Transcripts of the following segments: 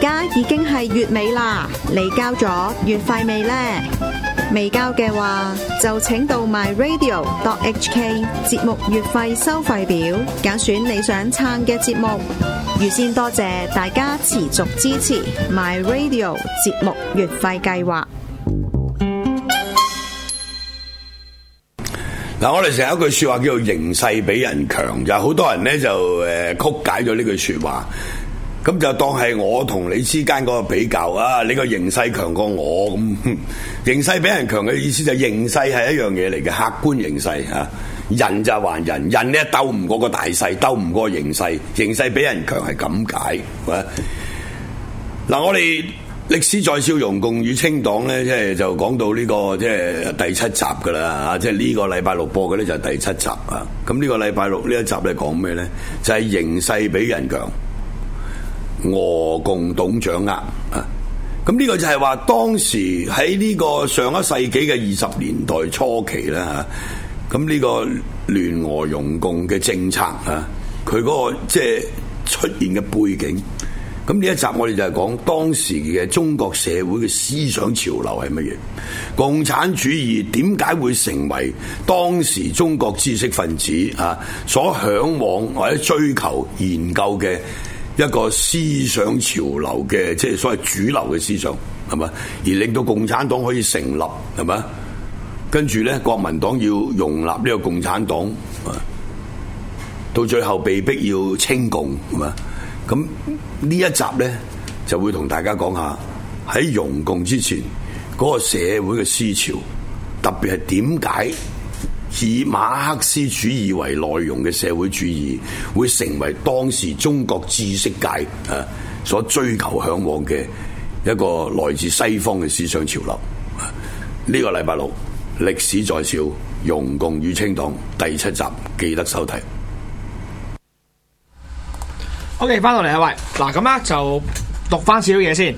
而家已經係月尾啦，你交咗月費未呢？未交嘅話，就請到 myradio.hk 節目月費收費表，揀選你想撐嘅節目。預先多謝大家持續支持 myradio 節目月費計劃。嗱，我哋成日有一句說話叫做形勢比人強，就好多人咧就誒曲解咗呢句說話。咁就當係我同你之間個比較啊！你個形勢強過我咁， 形勢比人強嘅意思就形勢係一樣嘢嚟嘅，客觀形勢啊！人就還人，人咧鬥唔過個大勢，鬥唔過形勢，形勢比人強係咁解。嗱， 我哋歷史在笑容共與清黨咧，即係就講到呢、這個即係、就是、第七集噶啦即係呢個禮拜六播嘅咧就係第七集啊！咁呢個禮拜六呢一集咧講咩咧？就係、是、形勢比人強。俄共懂掌握啊，咁、這、呢個就係話當時喺呢個上一世紀嘅二十年代初期啦吓，咁、啊、呢、這個聯俄容共嘅政策啊，佢嗰、那個即係出現嘅背景。咁、啊、呢一集我哋就係講當時嘅中國社會嘅思想潮流係乜嘢？共產主義點解會成為當時中國知識分子啊所向往或者追求研究嘅？一個思想潮流嘅，即係所謂主流嘅思想，係嘛？而令到共產黨可以成立，係嘛？跟住咧，國民黨要容納呢個共產黨，到最後被逼要清共，係嘛？咁呢一集咧，就會同大家講下喺容共之前嗰個社會嘅思潮，特別係點解，以馬克思主義為內容嘅社會主義，會成為當時中國知識界啊所追求向往嘅一個來自西方嘅思想潮流。呢、啊這個禮拜六，歷史在笑，容共與清黨第七集，記得收睇。OK，翻到嚟啊，喂，嗱咁咧就讀翻少嘢先。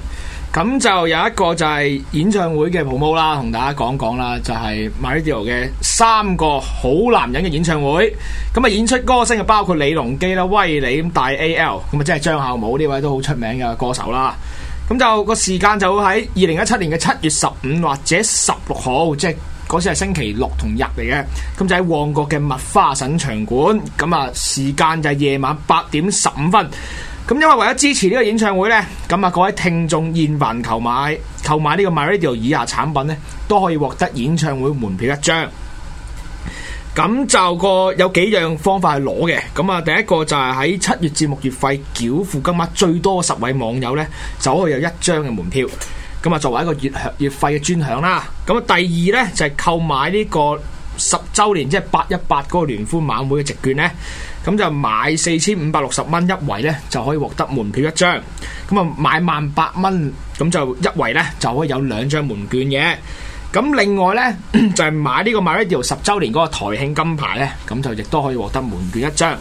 咁就有一個就係演唱會嘅 promo 啦，同大家講講啦，就係 MyRadio 嘅三個好男人嘅演唱會。咁啊，演出歌星啊，包括李龍基啦、威利咁大 AL，咁啊，即係張孝武呢位都好出名嘅歌手啦。咁就嗰個時間就會喺二零一七年嘅七月十五或者十六號，即係嗰時係星期六同日嚟嘅。咁就喺旺角嘅麥花臣場館。咁啊，時間就係夜晚八點十五分。咁因為為咗支持呢個演唱會呢，咁啊各位聽眾現環購買購買呢個 MyRadio 以下產品呢，都可以獲得演唱會門票一張。咁就個有幾樣方法去攞嘅。咁啊第一個就係喺七月節目月費繳付金額最多十位網友呢，就可以有一張嘅門票。咁啊作為一個月享月費嘅專享啦。咁啊第二呢，就係購買呢個十週年即係八一八嗰個聯歡晚會嘅席券呢。咁就買四千五百六十蚊一圍呢，就可以獲得門票一張。咁啊，買萬八蚊咁就一圍呢，就可以有兩張門券嘅。咁另外呢，就係買呢個 MyRadio 十周年嗰個台慶金牌呢，咁就亦都可以獲得門券一張。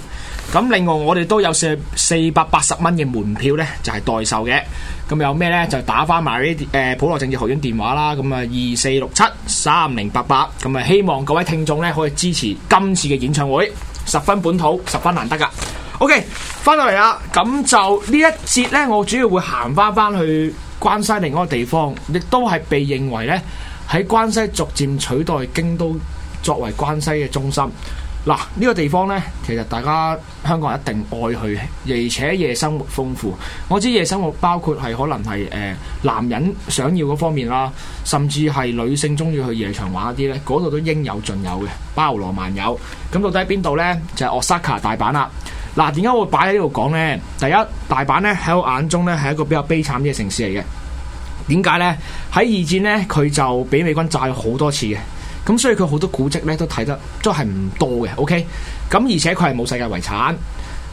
咁另外我哋都有四四百八十蚊嘅門票呢，就係代售嘅。咁有咩呢？就打翻 MyRadio 誒普羅政治學院電話啦。咁啊二四六七三零八八。咁啊希望各位聽眾呢，可以支持今次嘅演唱會。十分本土，十分難得噶。OK，翻到嚟啦，咁就呢一節呢，我主要會行翻翻去關西另一個地方，亦都係被認為呢，喺關西逐漸取代京都作為關西嘅中心。嗱，呢、這個地方呢，其實大家香港人一定愛去，而且夜生活豐富。我知夜生活包括係可能係誒、呃、男人想要嗰方面啦，甚至係女性中意去夜場玩嗰啲呢，嗰度都應有盡有嘅，包羅萬有。咁到底喺邊度呢？就係、是、Osaka 大阪啦。嗱，點解我會擺喺呢度講呢？第一，大阪呢，喺我眼中呢，係一個比較悲慘啲嘅城市嚟嘅。點解呢？喺二戰呢，佢就俾美軍炸咗好多次嘅。咁、嗯、所以佢好多古跡咧都睇得都係唔多嘅，OK。咁而且佢係冇世界遺產，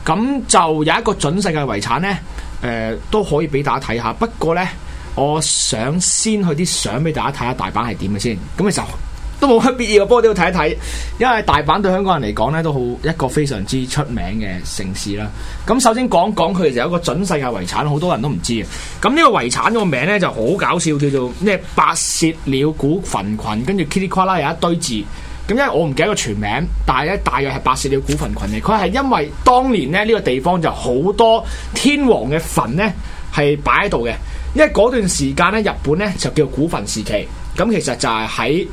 咁就有一個準世界遺產呢，誒、呃、都可以俾大家睇下。不過呢，我想先去啲相俾大家睇下大阪係點嘅先。咁其實。都冇乜必要，不過都要睇一睇，因為大阪對香港人嚟講咧都好一個非常之出名嘅城市啦。咁首先講講佢其實有一個準世界遺產，好多人都唔知嘅。咁呢個遺產個名咧就好搞笑，叫做咩白涉鳥古墳群，跟住噼里 t 啦有一堆字。咁因為我唔記得個全名，但係咧大約係白涉鳥古墳群嚟。佢係因為當年咧呢、這個地方就好多天王嘅墳咧係擺喺度嘅，因為嗰段時間咧日本咧就叫古墳時期，咁其實就係喺。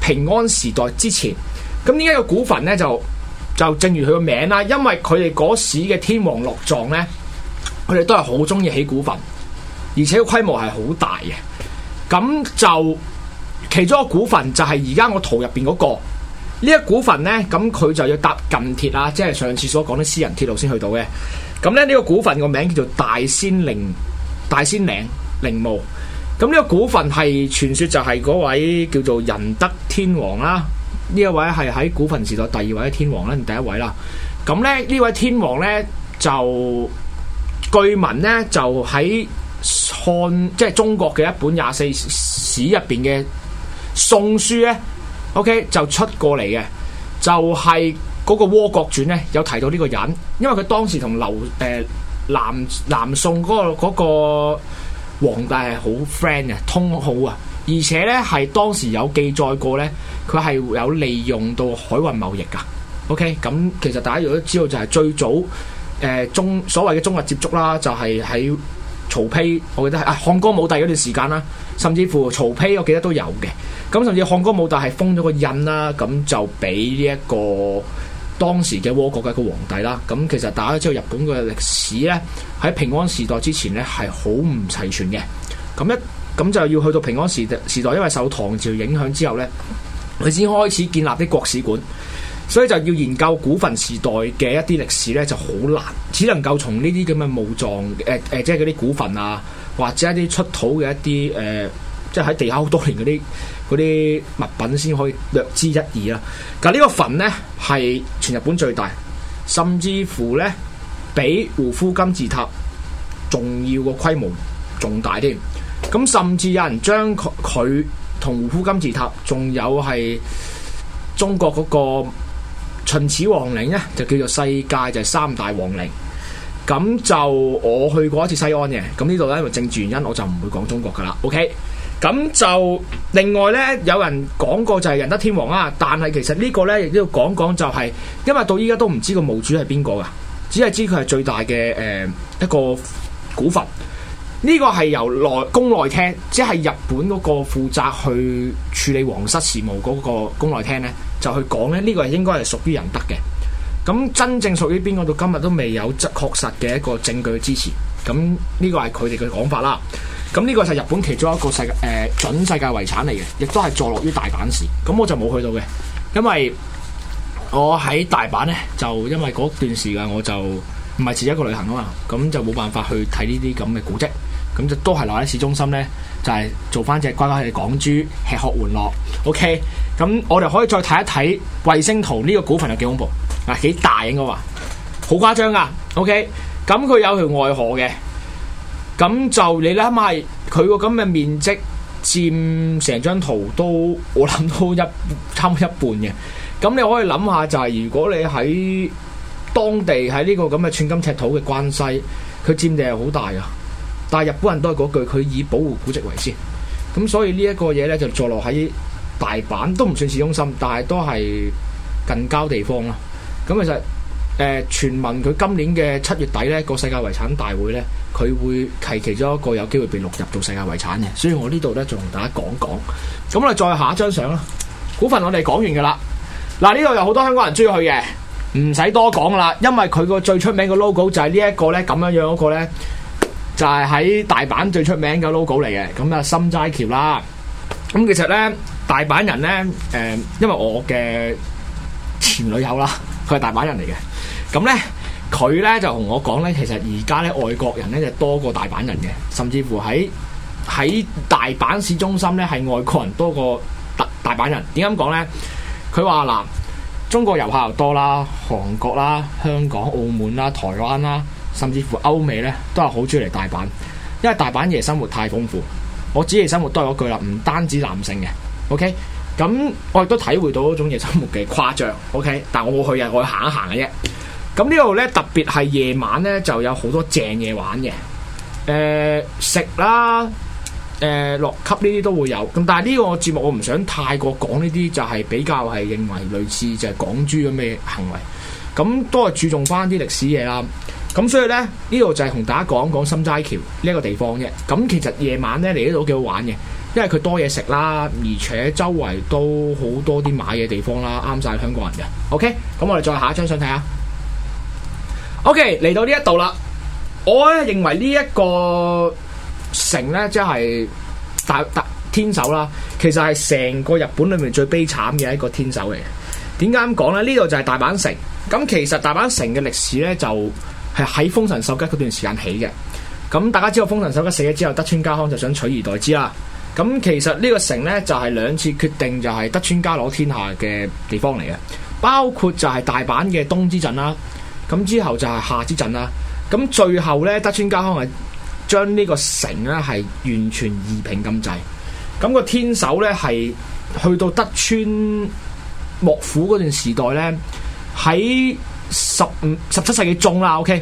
平安時代之前，咁呢一個古墳呢，就就正如佢個名啦，因為佢哋嗰時嘅天皇落葬呢，佢哋都係好中意起古墳，而且個規模係好大嘅。咁就其中一個古墳，就係而家我圖入邊嗰個呢一古墳呢，咧，咁佢就要搭近鐵啦，即係上次所講啲私人鐵路先去到嘅。咁咧呢個古墳個名叫做大仙陵，大仙嶺陵墓。咁呢個古墳係傳說就係嗰位叫做仁德天王啦，呢一位係喺古墳時代第二位天王啦，第一位啦。咁咧呢位天王咧就據聞咧就喺漢即係、就是、中國嘅一本廿四史入邊嘅《宋書》咧，OK 就出過嚟嘅，就係、是、嗰、那個《倭國傳》咧有提到呢個人，因為佢當時同劉誒、呃、南南宋嗰個嗰個。那個皇帝係好 friend 嘅，通好啊，而且呢，係當時有記載過呢，佢係有利用到海運貿易噶。OK，咁其實大家亦都知道就係最早誒、呃、中所謂嘅中日接觸啦，就係、是、喺曹丕，我記得係啊漢高武帝嗰段時間啦，甚至乎曹丕我記得都有嘅。咁甚至漢光武帝係封咗個印啦，咁就俾呢一個。當時嘅倭國嘅一個皇帝啦，咁其實大家知道日本嘅歷史呢，喺平安時代之前呢係好唔齊全嘅。咁一咁就要去到平安時代時代，因為受唐朝影響之後呢，佢先開始建立啲國史館，所以就要研究古墳時代嘅一啲歷史呢就好難，只能夠從呢啲咁嘅墓葬誒誒，即係嗰啲古墳啊，或者一啲出土嘅一啲誒、呃，即係喺地下好多年嗰啲。嗰啲物品先可以略知一二啦。嗱，呢個墳呢，係全日本最大，甚至乎呢，比胡夫金字塔重要個規模仲大添。咁甚至有人將佢同胡夫金字塔，仲有係中國嗰個秦始皇陵呢，就叫做世界就係三大皇陵。咁就我去過一次西安嘅。咁呢度呢，因為政治原因，我就唔會講中國噶啦。OK。咁就另外呢，有人講過就係仁德天皇啊，但係其實呢個呢，亦都要講講、就是，就係因為到依家都唔知個墓主係邊個噶，只係知佢係最大嘅誒、呃、一個古墳。呢、這個係由內宮內廳，即係日本嗰個負責去處理皇室事務嗰個宮內廳咧，就去講呢，呢、這個係應該係屬於仁德嘅。咁真正屬於邊個，到今日都未有則確實嘅一個證據嘅支持。咁呢個係佢哋嘅講法啦。咁呢個就日本其中一個世界誒、呃、準世界遺產嚟嘅，亦都係坐落於大阪市。咁我就冇去到嘅，因為我喺大阪呢，就因為嗰段時間我就唔係自己一個旅行啊嘛，咁就冇辦法去睇呢啲咁嘅古蹟，咁就都係留喺市中心呢，就係、是、做翻隻乖乖嘅港豬吃喝玩樂。OK，咁我哋可以再睇一睇衛星圖，呢個古墳有幾恐怖啊？幾大應該話，好誇張噶。OK，咁佢有條外河嘅。咁就你咧，咪佢個咁嘅面積佔成張圖都我諗都一差唔多一半嘅。咁你可以諗下就係、是，如果你喺當地喺呢個咁嘅寸金尺土嘅關西，佢佔地係好大噶。但係日本人都係嗰句，佢以保護古蹟為先。咁所以呢一個嘢呢，就坐落喺大阪，都唔算市中心，但係都係近郊地方啦。咁其實～誒、呃、傳聞佢今年嘅七月底呢個世界遺產大會呢，佢會係其中一個有機會被錄入到世界遺產嘅。所以我呢度呢，就同大家講講。咁我再下一張相啦。古墳我哋講完嘅啦。嗱，呢度有好多香港人中意去嘅，唔使多講噶啦。因為佢個最出名嘅 logo 就係呢一個呢。咁樣樣一個呢，就係、是、喺大阪最出名嘅 logo 嚟嘅。咁啊，心齋橋啦。咁其實呢，大阪人呢，誒、呃，因為我嘅前女友啦，佢係大阪人嚟嘅。咁呢，佢呢就同我講呢，其實而家呢外國人呢就多過大阪人嘅，甚至乎喺喺大阪市中心呢係外國人多過大大阪人。點解咁講呢？佢話嗱，中國遊客又多啦，韓國啦、香港、澳門啦、台灣啦，甚至乎歐美呢都係好中意嚟大阪，因為大阪夜生活太豐富。我知夜生活都係嗰句啦，唔單止男性嘅。O K，咁我亦都體會到嗰種夜生活嘅誇張。OK，但我冇去啊，我去行一行嘅啫。咁呢度咧，特別係夜晚呢，就有好多正嘢玩嘅，誒、呃、食啦，誒、呃、落級呢啲都會有。咁但係呢個節目我唔想太過講呢啲，就係、是、比較係認為類似就係港豬咁嘅行為。咁都係注重翻啲歷史嘢啦。咁所以呢，呢度就係同大家講講心齋橋呢一個地方嘅。咁其實夜晚呢，嚟呢度幾好玩嘅，因為佢多嘢食啦，而且周圍都好多啲買嘢地方啦，啱晒香港人嘅。OK，咁我哋再下一張相睇下。O.K. 嚟到呢一度啦，我咧認為呢一個城呢，即係大、大天守啦，其實係成個日本裡面最悲慘嘅一個天守嚟。點解咁講呢？呢度就係大阪城。咁其實大阪城嘅歷史呢，就係喺豐臣秀吉嗰段時間起嘅。咁大家知道豐臣秀吉死咗之後，德川家康就想取而代之啦。咁其實呢個城呢，就係兩次決定就係德川家攞天下嘅地方嚟嘅，包括就係大阪嘅冬之陣啦。咁之後就係夏之陣啦。咁最後咧，德川家康係將呢個城咧係完全夷平咁滯。咁、那個天守咧係去到德川幕府嗰段時代咧，喺十五十七世紀中啦。OK，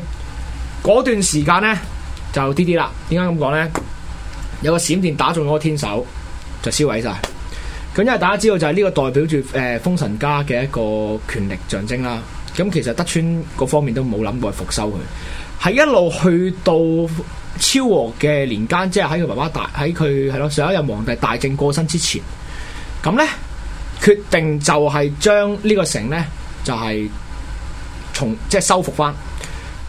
嗰段時間咧就啲啲啦。點解咁講咧？有個閃電打中咗個天守，就燒毀晒。咁因為大家知道就係呢個代表住誒、呃、豐臣家嘅一個權力象徵啦。咁其實德川各方面都冇諗過去復修佢，喺一路去到昭和嘅年間，即係喺佢爸爸大，喺佢係咯上一任皇帝大正過身之前，咁咧決定就係將呢個城咧就係、是、從即係修復翻。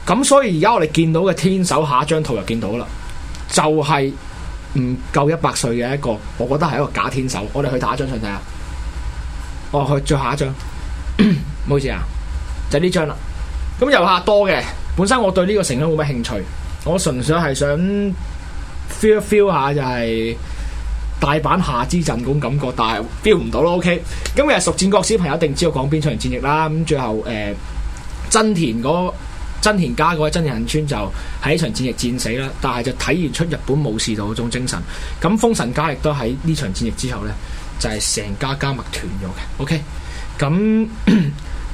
咁所以而家我哋見到嘅天守下一張圖就見到啦，就係唔夠一百歲嘅一個，我覺得係一個假天守。我哋去打一張先睇下，我、哦、去再下一張，唔好意思 啊。就呢張啦，咁遊客多嘅，本身我對呢個城鄉冇乜興趣，我純粹係想 fe el, feel feel 下就係大阪夏之陣咁感覺，但係 feel 唔到咯。OK，今日熟戰國小朋友一定知道講邊場戰役啦，咁最後誒真、呃、田嗰真田家嗰位真田幸村就喺呢場戰役戰死啦，但係就體現出日本武士道嗰種精神。咁豐臣家亦都喺呢場戰役之後咧，就係、是、成家家脈斷咗嘅。OK，咁。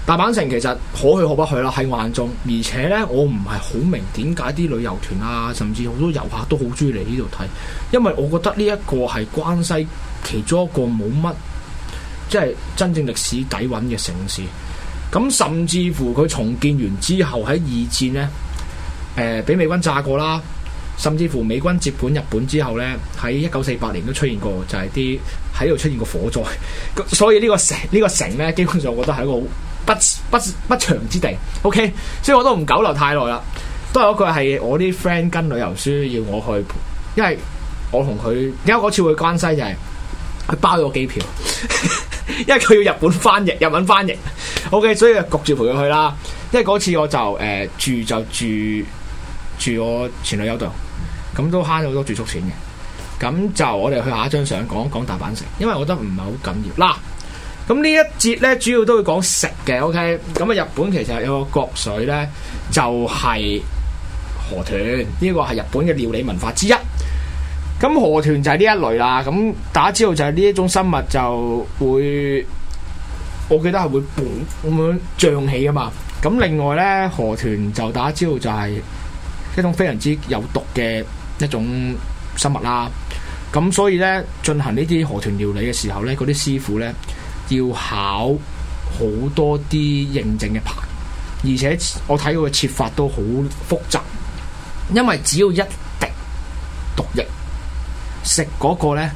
大阪城其實可去可不去啦，喺我眼中。而且呢，我唔係好明點解啲旅遊團啊，甚至好多遊客都好中意嚟呢度睇，因為我覺得呢一個係關西其中一個冇乜即係真正歷史底蘊嘅城市。咁甚至乎佢重建完之後，喺二戰呢，誒、呃、俾美軍炸過啦。甚至乎美軍接管日本之後呢，喺一九四八年都出現過就，就係啲喺度出現過火災。所以呢個，呢個城呢個城呢，基本上我覺得係一個。不不不祥之地，OK，所以我都唔久留太耐啦，都係一個係我啲 friend 跟旅遊書要我去陪，因為我同佢，為就是、 因為嗰次去關西就係佢包咗個機票，因為佢要日本翻譯日文翻譯，OK，所以焗住陪佢去啦。因為嗰次我就誒、呃、住就住住我前女友度，咁都慳咗好多住宿錢嘅。咁就我哋去下講一張相，講一講大阪城，因為我覺得唔係好緊要啦。咁呢一節咧，主要都會講食嘅。OK，咁啊，日本其實有個國粹咧，就係河豚呢個係日本嘅料理文化之一。咁河豚就係呢一類啦。咁大家知道就係呢一種生物就會我記得係會噉樣脹起啊嘛。咁另外咧，河豚就大家知道就係一種非常之有毒嘅一種生物啦。咁所以咧，進行呢啲河豚料理嘅時候咧，嗰啲師傅咧。要考好多啲認證嘅牌，而且我睇佢嘅設法都好複雜，因為只要一滴毒液，食嗰個咧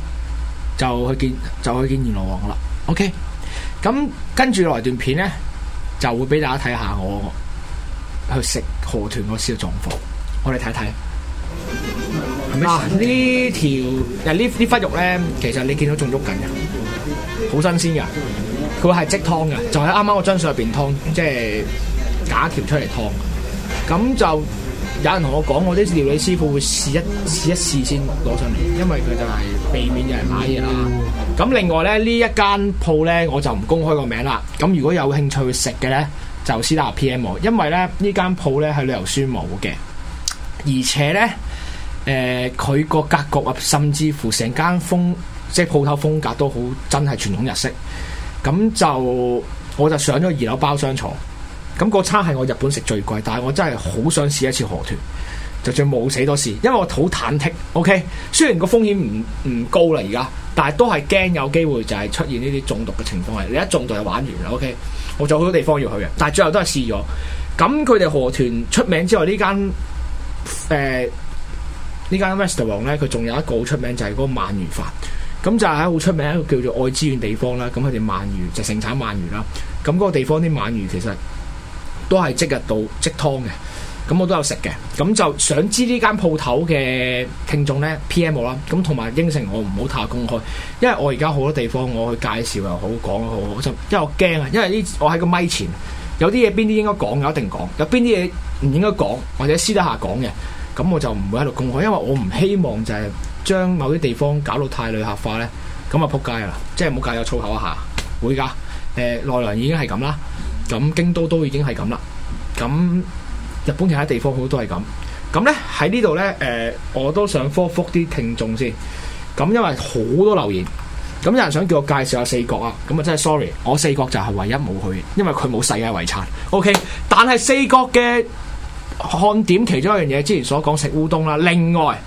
就去見就去見閻羅王啦。OK，咁跟住來段片咧，就會俾大家睇下我去食河豚嗰時嘅狀況，我哋睇睇。嗱，呢條啊呢呢塊肉咧，嗯、其實你見到仲喐緊嘅。好新鮮㗎，佢係即劏嘅，就喺啱啱個樽水入邊劏，即係揀條出嚟劏。咁就有人同我講，我啲料理師傅會試一試一試先攞上嚟，因為佢就係避免有人買嘢啦。咁另外咧，呢一間鋪咧我就唔公開個名啦。咁如果有興趣去食嘅咧，就私底下 PM 我，因為咧呢間鋪咧喺旅遊書冇嘅，而且咧誒佢個格局啊，甚至乎成間風。即係鋪頭風格都好真係傳統日式，咁就我就上咗二樓包廂，咁個餐係我日本食最貴，但係我真係好想試一次河豚，就算冇死都試，因為我好忐忑。O、okay? K，雖然個風險唔唔高啦而家，但係都係驚有機會就係出現呢啲中毒嘅情況。係你一中毒就玩完啦。O、okay? K，我仲有好多地方要去嘅，但係最後都係試咗。咁佢哋河豚出名之外，間呃、間呢間誒呢間 restaurant 咧，佢仲有一個好出名就係、是、嗰個鰻魚飯。咁就係好出名一個叫做愛知縣地方啦，咁佢哋鰻魚就盛產鰻魚啦。咁嗰個地方啲鰻魚其實都係即日到即湯嘅。咁我都有食嘅。咁就想知呢間鋪頭嘅聽眾呢 PM 我啦。咁同埋應承我唔好太公開，因為我而家好多地方我去介紹又好，講又好，我真因為我驚啊。因為呢，我喺個咪前有啲嘢，邊啲應該講有一定講，有邊啲嘢唔應該講或者私底下講嘅，咁我就唔會喺度公開，因為我唔希望就係。將某啲地方搞到太旅客化呢，咁啊撲街啦！即係唔好介意粗口啊嚇，會噶。誒，奈良已經係咁啦，咁京都都已經係咁啦，咁日本其他地方好多都係咁。咁呢，喺呢度呢，誒、呃，我都想科普啲聽眾先。咁因為好多留言，咁有人想叫我介紹下四國啊，咁啊真係 sorry，我四國就係唯一冇去，因為佢冇世界遺產。OK，但係四國嘅看點其中一樣嘢之前所講食烏冬啦，另外。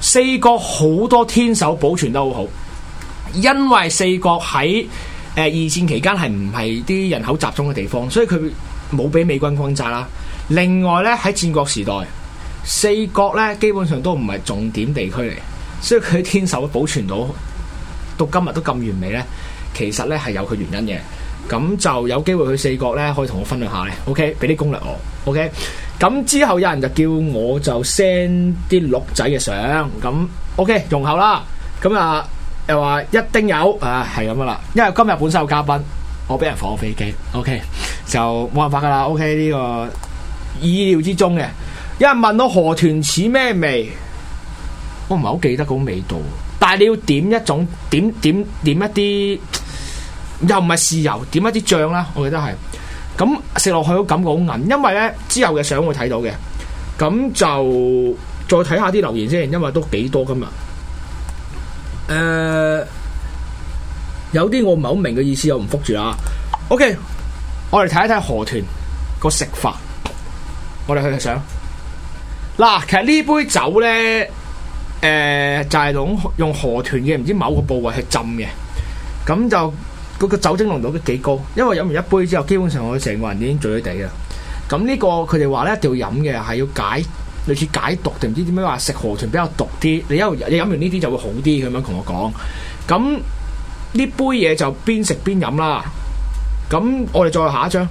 四國好多天守保存得好好，因為四國喺誒、呃、二戰期間係唔係啲人口集中嘅地方，所以佢冇俾美軍轟炸啦。另外呢，喺戰國時代，四國呢基本上都唔係重點地區嚟，所以佢天守保存到到今日都咁完美呢，其實呢係有佢原因嘅。咁就有機會去四國呢，可以同我分享下呢。OK，俾啲攻略我。OK。咁之後有人就叫我就 send 啲鹿仔嘅相，咁 OK，容後啦。咁啊，又話一定有啊，係咁噶啦。因為今日本身有嘉賓，我俾人放飛機，OK，就冇辦法噶啦。OK，呢個意料之中嘅。有人問我河豚似咩味，我唔係好記得嗰味道。但係你要點一種，點點點，點一啲，又唔係豉油，點一啲醬啦，我記得係。咁食落去都感覺好韌，因為咧之後嘅相會睇到嘅，咁就再睇下啲留言先，因為都幾多㗎嘛。誒、呃，有啲我唔係好明嘅意思，我唔覆住啊。OK，我哋睇一睇河豚個食法，我哋去嘅相。嗱，其實呢杯酒咧，誒、呃、就係、是、用用河豚嘅唔知某個部位係浸嘅，咁就。嗰個酒精濃度都幾高，因為飲完一杯之後，基本上我成個人已經醉咗地啦。咁呢個佢哋話咧一定要飲嘅，係要解類似解毒定唔知點樣話食河豚比較毒啲。你一你飲完呢啲就會好啲，佢咁樣同我講。咁呢杯嘢就邊食邊飲啦。咁我哋再下一張。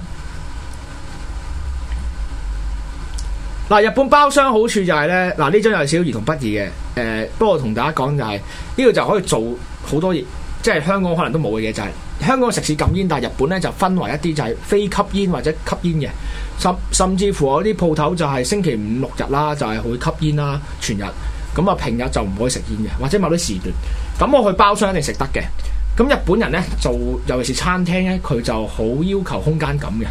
嗱，日本包廂好處就係咧，嗱呢張有少少兒童不宜嘅。誒，不過我同大家講就係呢個就可以做好多嘢。即係香港可能都冇嘅嘢，就係、是、香港食肆禁煙，但係日本咧就分為一啲就係非吸煙或者吸煙嘅，甚甚至乎有啲鋪頭就係星期五六日啦，就係、是、會吸煙啦，全日，咁、嗯、啊平日就唔可以食煙嘅，或者某啲時段。咁、嗯、我去包廂一定食得嘅。咁、嗯、日本人咧做，尤其是餐廳咧，佢就好要求空間感嘅，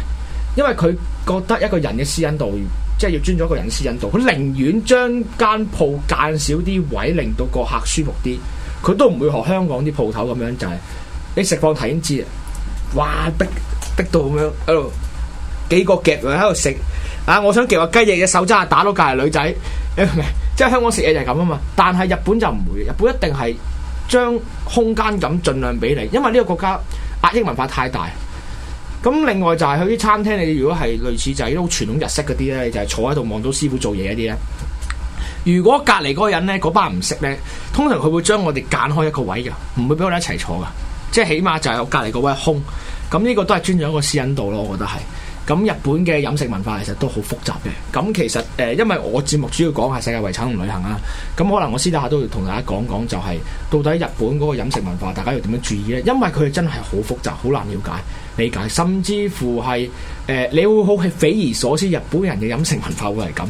因為佢覺得一個人嘅私隱度，即係要專咗一個人嘅私隱度，佢寧願將間鋪間少啲位，令到個客舒服啲。佢都唔會學香港啲鋪頭咁樣，就係、是、你食放題已經知啦，哇逼逼到咁樣喺度幾個夾喺度食啊！我想夾個雞翼嘅手揸打到隔籬女仔，啊，即係香港食嘢就係咁啊嘛！但係日本就唔會，日本一定係將空間感盡量俾你，因為呢個國家壓抑文化太大。咁另外就係、是、去啲餐廳，你如果係類似就係啲好傳統日式嗰啲咧，就係坐喺度望到師傅做嘢嗰啲咧。如果隔離嗰個人呢，嗰班唔識呢，通常佢會將我哋揀開一個位嘅，唔會俾我哋一齊坐噶。即係起碼就係我隔離個位空。咁呢個都係尊重一個私隱度咯，我覺得係。咁日本嘅飲食文化其實都好複雜嘅。咁其實誒、呃，因為我節目主要講係世界遺產同旅行啊。咁可能我私底下都會同大家講講、就是，就係到底日本嗰個飲食文化，大家要點樣注意呢？因為佢真係好複雜，好難了解理解，甚至乎係誒、呃，你會好匪夷所思，日本人嘅飲食文化會係咁。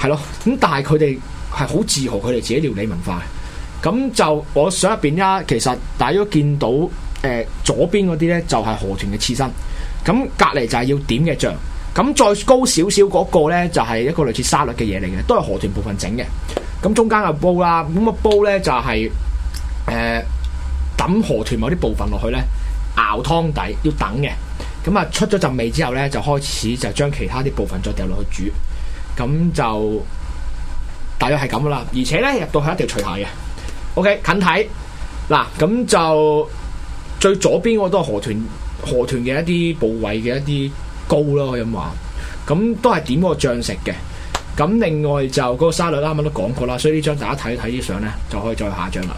係咯，咁但係佢哋係好自豪佢哋自己料理文化嘅，咁就我想入邊啦，其實大家如果見到誒、呃、左邊嗰啲呢，就係河豚嘅刺身，咁隔離就係要點嘅醬，咁再高少少嗰個呢就係一個類似沙律嘅嘢嚟嘅，都係河豚部分整嘅，咁中間個煲啦，咁個煲呢、就係，就係誒揼河豚某啲部分落去呢，熬湯底，要等嘅，咁啊出咗陣味之後呢，就開始就將其他啲部分再掉落去煮。咁就大約係咁嘅啦，而且咧，入到去一定要除鞋嘅。OK，近睇嗱，咁就最左邊嗰個都係河豚河豚嘅一啲部位嘅一啲膏咯，咁話，咁都係點個醬食嘅。咁另外就、嗰個沙律啱啱都講過啦，所以呢張大家睇睇啲相咧，就可以再下張啦。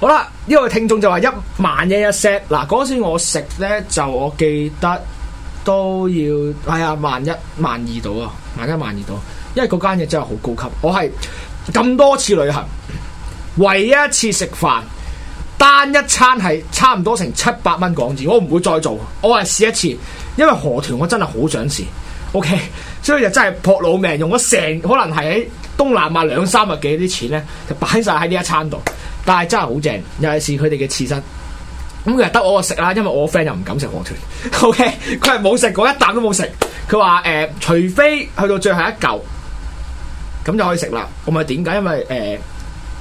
好啦，呢一位聽眾就話一萬一一 set 嗱，嗰時我食咧就我記得。都要係啊、哎，萬一萬二度啊，萬一萬二度，因為嗰間嘢真係好高級。我係咁多次旅行，唯一一次食飯單一餐係差唔多成七百蚊港紙，我唔會再做。我係試一次，因為河豚我真係好想試。O、OK、K，所以就真係撲老命，用咗成可能係喺東南亞兩三日嘅啲錢咧，就擺晒喺呢一餐度。但係真係好正，尤其是佢哋嘅刺身。咁佢係得我食啦，因為我 friend 又唔敢食河豚。O K，佢係冇食過，一啖都冇食。佢話誒，除非去到最後一嚿，咁就可以食啦。我咪點解？因為誒、呃，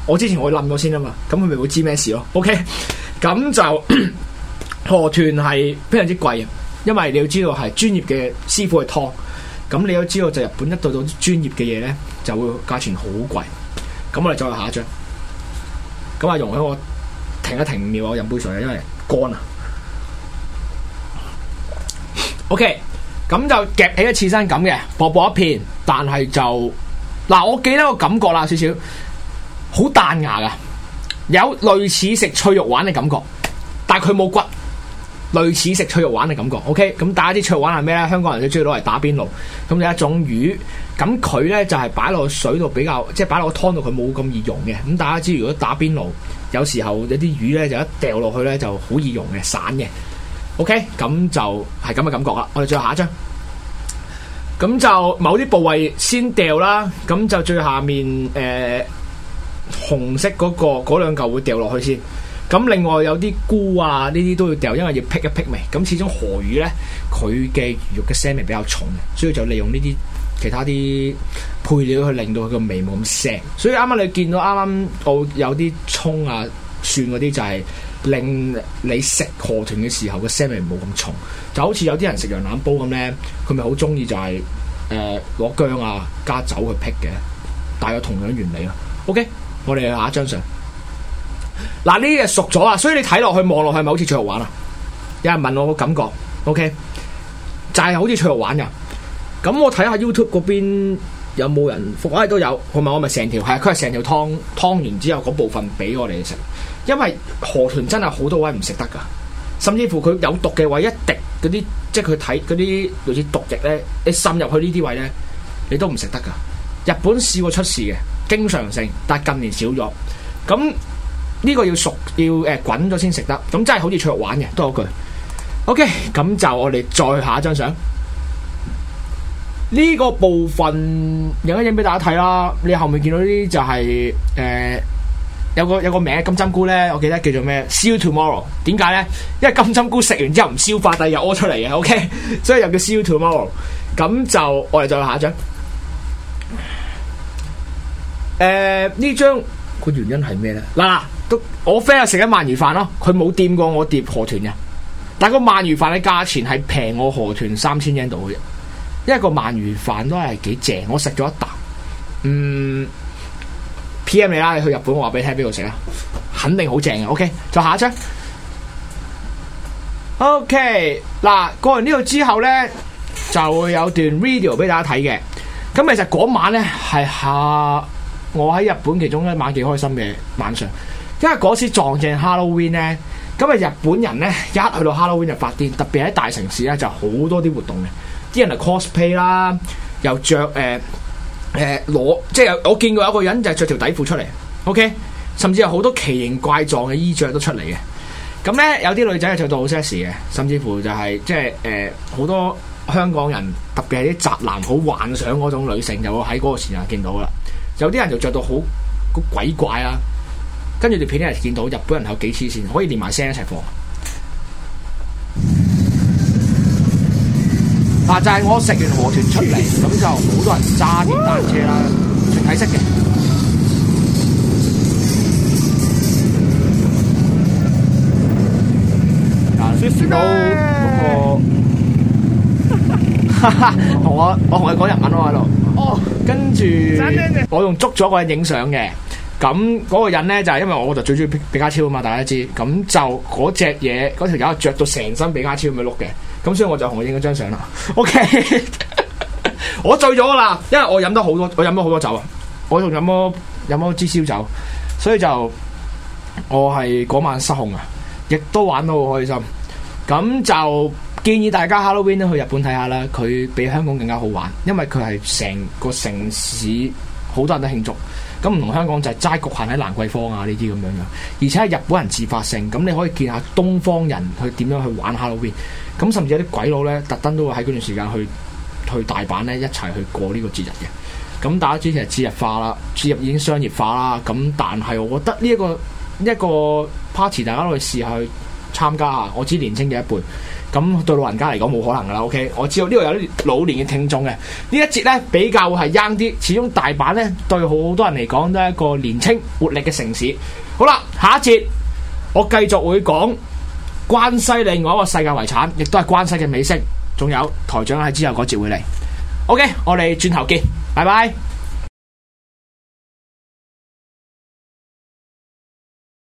我之前我冧咗先啊嘛。咁佢咪會知咩事咯？O K，咁就河豚係非常之貴，因為你要知道係專業嘅師傅去劏。咁你要知道就日本一到到專業嘅嘢咧，就會價錢好貴。咁我哋再下一張。咁啊，容許我停一停五秒，我飲杯水啊，因為。幹啊，OK，咁就夾起個刺身咁嘅薄薄一片，但係就嗱，我記得個感覺啦，少少好彈牙㗎，有類似食脆肉丸嘅感覺，但係佢冇骨，類似食脆肉丸嘅感覺。OK，咁、嗯、大家知脆肉丸係咩咧？香港人都中意攞嚟打邊爐，咁有一種魚。咁佢呢就係擺落水度比較，即係擺落湯度佢冇咁易溶嘅。咁大家知如果打邊爐，有時候有啲魚呢就一掉落去呢就好易溶嘅散嘅。OK，咁就係咁嘅感覺啦。我哋再下一張。咁就某啲部位先掉啦。咁就最下面誒、呃、紅色嗰個嗰兩嚿會掉落去先。咁另外有啲菇啊呢啲都要掉，因為要辟一辟味。咁始終河魚呢，佢嘅魚肉嘅腥味比較重嘅，所以就利用呢啲。其他啲配料去令到佢個味冇咁腥，所以啱啱你見到啱啱我有啲蔥啊蒜嗰啲，就係令你食河豚嘅時候個腥味冇咁重。就好似有啲人食羊腩煲咁咧、就是，佢咪好中意就係誒攞薑啊加酒去劈嘅，大約同樣原理咯。OK，我哋下一張相。嗱，呢嘢熟咗啊，所以你睇落去望落去咪好似脆肉丸呀。有人問我個感覺，OK，就係好似脆肉丸噶咁我睇下 YouTube 嗰邊有冇人，我係都有，同埋我咪成條係，佢係成條湯，湯完之後嗰部分俾我哋食，因為河豚真係好多位唔食得噶，甚至乎佢有毒嘅位一滴嗰啲，即係佢睇嗰啲類似毒液咧，你滲入去呢啲位咧，你都唔食得噶。日本試過出事嘅，經常性，但係近年少咗。咁呢個要熟要誒滾咗先食得，咁真係好似出肉玩嘅。多句，OK，咁就我哋再下一張相。呢個部分影一影俾大家睇啦，你後面見到呢啲就係、是、誒、呃、有個有個名金針菇咧，我記得叫做咩？燒 tomorrow 點解咧？因為金針菇食完之後唔消化，第二日屙出嚟嘅，OK， 所以又叫燒 tomorrow。咁就我哋再下一張。誒、呃，呢張個原因係咩咧？嗱，都我 friend 食緊鰻魚飯咯，佢冇掂過我碟河豚嘅，但係個鰻魚飯嘅價錢係平我河豚三千蚊度嘅。3, 一個鰻魚飯都係幾正，我食咗一啖。嗯，P M 你啦，你去日本我話俾你聽，邊度食啊？肯定好正嘅。OK，就下一張。O K，嗱，過完呢度之後咧，就會有段 video 俾大家睇嘅。咁其實嗰晚咧係下我喺日本其中一晚幾開心嘅晚上，因為嗰時撞正 Halloween 咧，咁啊日本人咧一去到 Halloween 就發癲，特別喺大城市咧就好多啲活動嘅。啲人嚟 cosplay 啦，又着誒誒攞，即係我見過有個人就係着條底褲出嚟，OK，甚至有好多奇形怪狀嘅衣着都出嚟嘅。咁咧有啲女仔係着到好 sexy 嘅，甚至乎就係、是、即係誒好多香港人，特別係啲宅男好幻想嗰種女性，就會喺嗰個時間見到㗎啦。有啲人就着到好個鬼怪啦、啊，跟住條片咧見到日本人有幾黐線，可以連埋聲一齊播。嗱，就係我食完河豚出嚟，咁就好多人揸電單車啦，全體式嘅。啊，Super！哈哈，我我同佢講日文喎喺度。哦，跟住我用捉咗個人影相嘅，咁嗰個人咧就係因為我就最中意比比卡超啊嘛，大家知。咁就嗰隻嘢嗰條狗著到成身比卡超咁樣嘅 look 嘅。咁所以我就同佢影咗張相啦。O K， 我醉咗啦，因為我飲咗好多，我飲咗好多酒啊，我仲飲咗飲咗支燒酒，所以就我係嗰晚失控啊，亦都玩到好開心。咁就建議大家 Halloween 咧去日本睇下啦，佢比香港更加好玩，因為佢係成個城市好多人都慶祝，咁唔同香港就齋局限喺蘭桂坊啊呢啲咁樣樣，而且係日本人自發性，咁你可以見下東方人佢點樣去玩 Halloween。咁甚至有啲鬼佬咧，特登都會喺嗰段時間去去大阪咧一齊去過呢個節日嘅。咁大家知其實節日化啦，節日已經商業化啦。咁但係我覺得呢一個呢一個 party 大家都去試下去參加啊。我知年青嘅一半。咁對老人家嚟講冇可能噶啦。OK，我知道呢個有啲老年嘅聽眾嘅。呢一節咧比較會係 young 啲，始終大阪咧對好多人嚟講都係一個年青活力嘅城市。好啦，下一節我繼續會講。關西另外一個世界遺產，亦都係關西嘅美食。仲有，台長喺之後嗰節會嚟。O.K. 我哋轉頭見，拜拜。